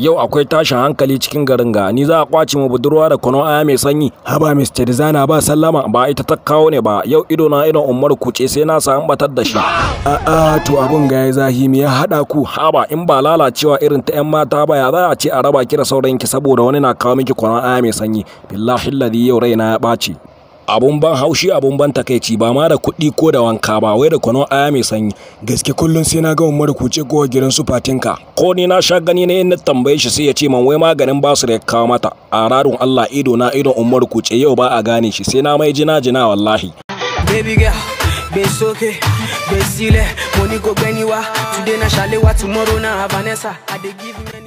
yau akwai tashin hankali cikin garin ga ni za a kwace mu budurwa da kono aya mai sanyi haba mr designer ba sallama ba ita ta kawo ne ba yau ido na irin umar kuce sai na samu batar da shi a a to abun ga ya zahimi ya hada ku haba in ba lalacewa irin ta yan mata ba ya za a ce a raba ki da sauran ki saboda wani na kawo miki kono aya mai sanyi billahi alladhi yau raina ya bace abun ban haushi abun ban takaici ba ma da kuɗi ko da wanka ba wai da kwano aya mai sanyi gaske kullum sai na ga umar kuce ko gidan su fatinka ko ni na sha gani ne na tambaye shi sai ya ce man wai maganin ba su da kawo mata a rarun Allah ido na idon umar kuce yau ba a gane shi sai na mai jina jina wallahi baby girl be soke be sile money go beniwa today na shalewa tomorrow na vanessa i dey give